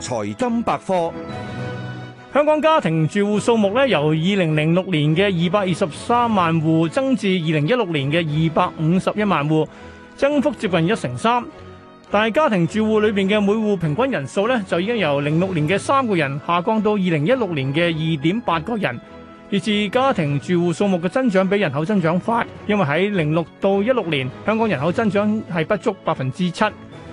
財金百科，香港家庭住戶數目咧，由二零零六年嘅二百二十三萬戶增至二零一六年嘅二百五十一萬戶，增幅接近一成三。但係家庭住戶裏邊嘅每戶平均人數呢就已經由零六年嘅三個人下降到二零一六年嘅二點八個人。以致家庭住戶數目嘅增長比人口增長快，因為喺零六到一六年，香港人口增長係不足百分之七。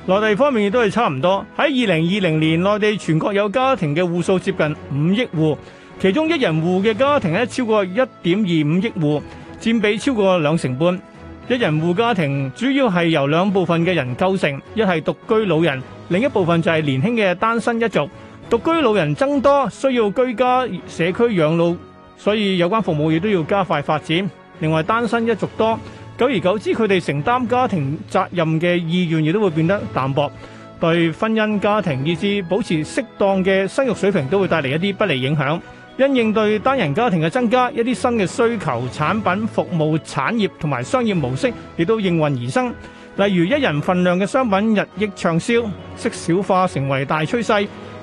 內地方面亦都係差唔多，喺二零二零年，內地全國有家庭嘅戶數接近五億戶，其中一人戶嘅家庭呢超過一點二五億戶，佔比超過兩成半。一人戶家庭主要係由兩部分嘅人構成，一係獨居老人，另一部分就係年輕嘅單身一族。獨居老人增多，需要居家社區養老，所以有關服務亦都要加快發展。另外，單身一族多。久而久之，佢哋承擔家庭責任嘅意願亦都會變得淡薄，對婚姻家庭以致保持適當嘅生育水平都會帶嚟一啲不利影響。因應對單人家庭嘅增加，一啲新嘅需求產品、服務產業同埋商業模式亦都應運而生，例如一人份量嘅商品日益暢銷，適小化成為大趨勢。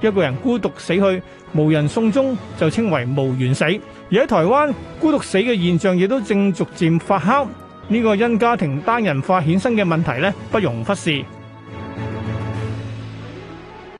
一個人孤獨死去，無人送終，就稱為無緣死。而喺台灣，孤獨死嘅現象亦都正逐漸發酵，呢個因家庭單人化衍生嘅問題呢，不容忽視。